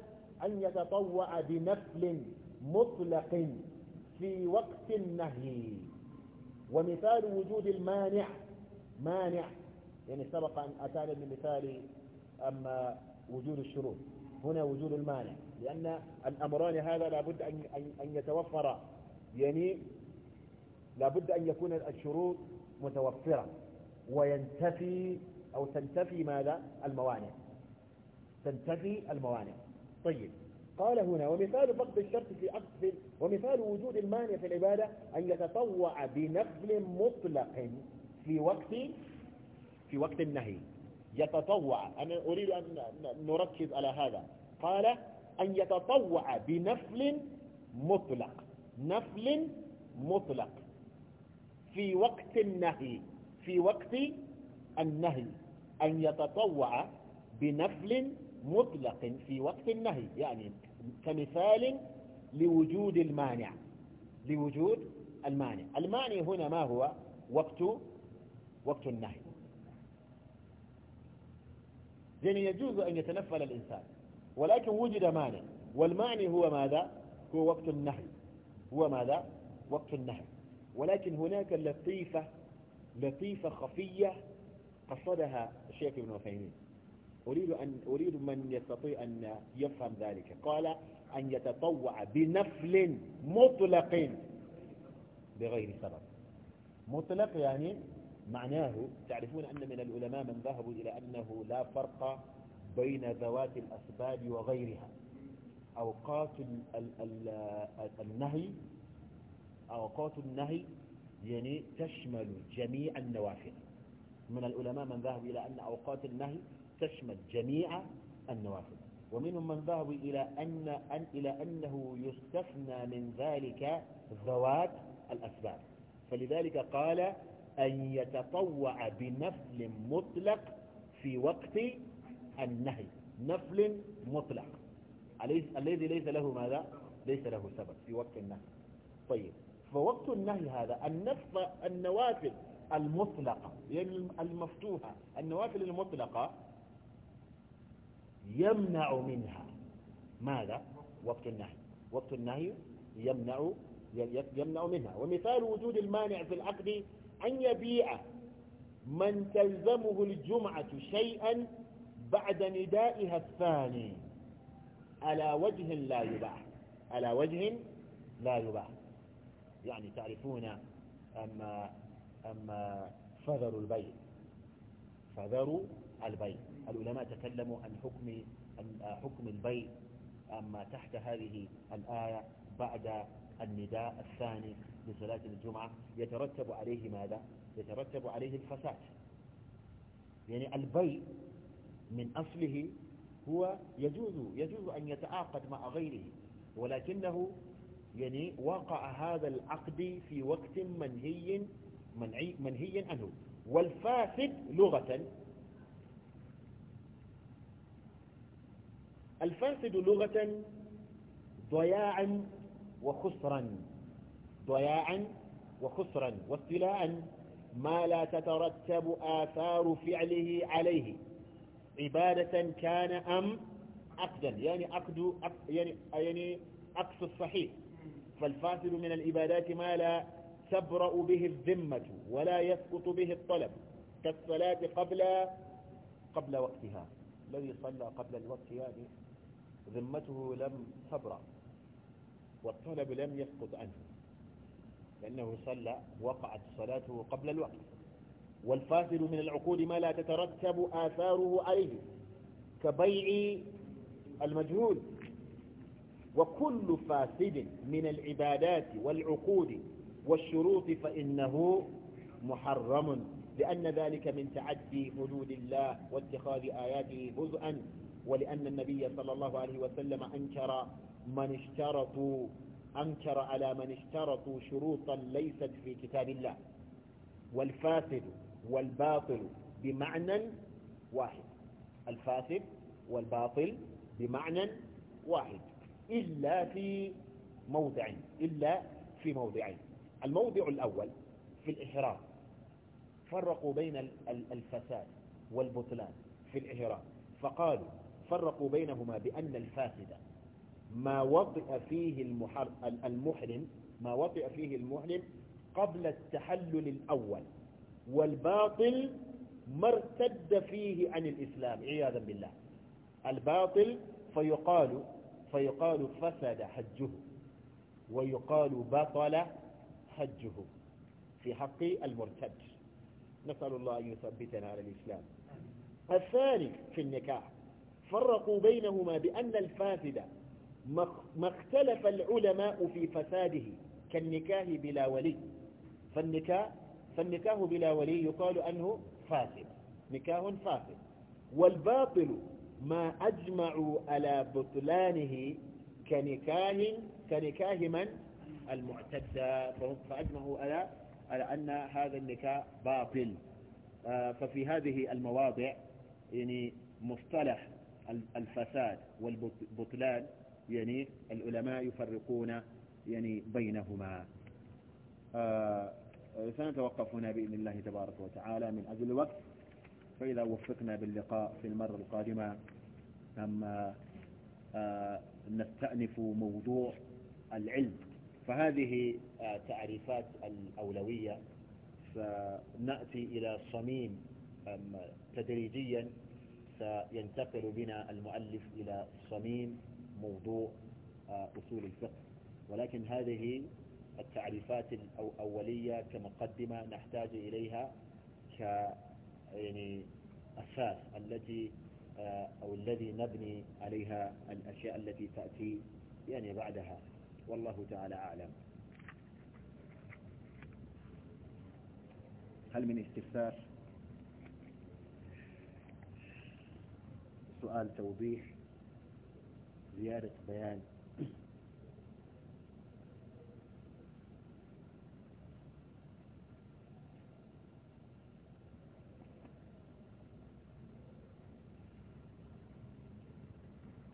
أن يتطوع بنفل مطلق في وقت النهي ومثال وجود المانع مانع يعني سبق أن أتانا بمثال أما وجود الشروط هنا وجود المانع لأن الأمران هذا لابد أن أن يتوفر يعني لابد أن يكون الشروط متوفرة وينتفي أو تنتفي ماذا الموانع تنتفي الموانع طيب قال هنا ومثال فقد الشرط في عقد ومثال وجود المانع في العبادة أن يتطوع بنفل مطلق في وقت في وقت النهي يتطوع أنا أريد أن نركز على هذا قال أن يتطوع بنفل مطلق نفل مطلق في وقت النهي في وقت النهي أن يتطوع بنفل مطلق في وقت النهي يعني كمثال لوجود المانع لوجود المانع المانع هنا ما هو وقت وقت النهي يعني يجوز أن يتنفل الإنسان ولكن وجد مانع والمعني هو ماذا هو وقت النهي هو ماذا وقت النهي ولكن هناك لطيفة لطيفة خفية قصدها الشيخ ابن عثيمين أريد, أن أريد من يستطيع أن يفهم ذلك قال أن يتطوع بنفل مطلق بغير سبب مطلق يعني معناه تعرفون أن من العلماء من ذهبوا إلى أنه لا فرق بين ذوات الأسباب وغيرها أوقات الـ الـ النهي أوقات النهي يعني تشمل جميع النوافل من العلماء من ذهب إلى أن أوقات النهي تشمل جميع النوافل ومنهم من ذهب إلى أن, أن إلى أنه يستثنى من ذلك ذوات الأسباب فلذلك قال أن يتطوع بنفل مطلق في وقت النهي نفل مطلق الذي ليس له ماذا ليس له سبب في وقت النهي طيب فوقت النهي هذا النفل النوافل المطلقة يعني المفتوحة النوافل المطلقة يمنع منها ماذا وقت النهي وقت النهي يمنع يمنع منها ومثال وجود المانع في العقد أن يبيع من تلزمه الجمعة شيئا بعد ندائها الثاني على وجه لا يباع على وجه لا يباع يعني تعرفون أما, أما فذر البيع فذر البيع العلماء تكلموا عن حكم حكم البيع أما تحت هذه الآية بعد النداء الثاني صلاة الجمعة يترتب عليه ماذا يترتب عليه الفساد يعني البيع من أصله هو يجوز يجوز أن يتعاقد مع غيره ولكنه يعني وقع هذا العقد في وقت منهي منعي منهي عنه والفاسد لغة الفاسد لغة ضياعا وخسرا ضياعا وخسرا واستيلاء ما لا تترتب آثار فعله عليه عبادة كان أم عقدا يعني عقد يعني يعني عقد الصحيح فالفاسد من العبادات ما لا تبرأ به الذمة ولا يسقط به الطلب كالصلاة قبل قبل وقتها الذي صلى قبل الوقت يعني ذمته لم تبرأ والطلب لم يسقط عنه لأنه صلى وقعت صلاته قبل الوقت والفاسد من العقود ما لا تترتب آثاره عليه كبيع المجهول وكل فاسد من العبادات والعقود والشروط فإنه محرم لأن ذلك من تعدي حدود الله واتخاذ آياته هزءا ولأن النبي صلى الله عليه وسلم أنكر من اشترطوا أنكر على من اشترطوا شروطا ليست في كتاب الله والفاسد والباطل بمعنى واحد الفاسد والباطل بمعنى واحد إلا في موضع إلا في موضعين الموضع الأول في الإحرام فرقوا بين الفساد والبطلان في الإحرام فقالوا فرقوا بينهما بأن الفاسد ما وطئ فيه المحرم ما وطئ فيه المحرم قبل التحلل الأول والباطل ما ارتد فيه عن الإسلام عياذا بالله الباطل فيقال فيقال فسد حجه ويقال بطل حجه في حق المرتد نسأل الله أن يثبتنا على الإسلام الثاني في النكاح فرقوا بينهما بأن الفاسد ما اختلف العلماء في فساده كالنكاه بلا ولي فالنكاه, فالنكاه بلا ولي يقال أنه فاسد نكاه فاسد والباطل ما أجمعوا على بطلانه كنكاه كنكاه من المعتدى فأجمعوا على على أن هذا النكاه باطل آه، ففي هذه المواضع يعني مصطلح الفساد والبطلان يعني العلماء يفرقون يعني بينهما آه سنتوقف هنا بإذن الله تبارك وتعالى من أجل الوقت فإذا وفقنا باللقاء في المرة القادمة أما آه نستأنف موضوع العلم فهذه آه تعريفات الأولوية سنأتي إلى صميم تدريجيا سينتقل بنا المؤلف إلى صميم موضوع آه، أصول الفقه ولكن هذه التعريفات الأولية كمقدمة نحتاج إليها ك يعني أساس التي آه، أو الذي نبني عليها الأشياء التي تأتي يعني بعدها والله تعالى أعلم هل من استفسار سؤال توضيح زيادة بيان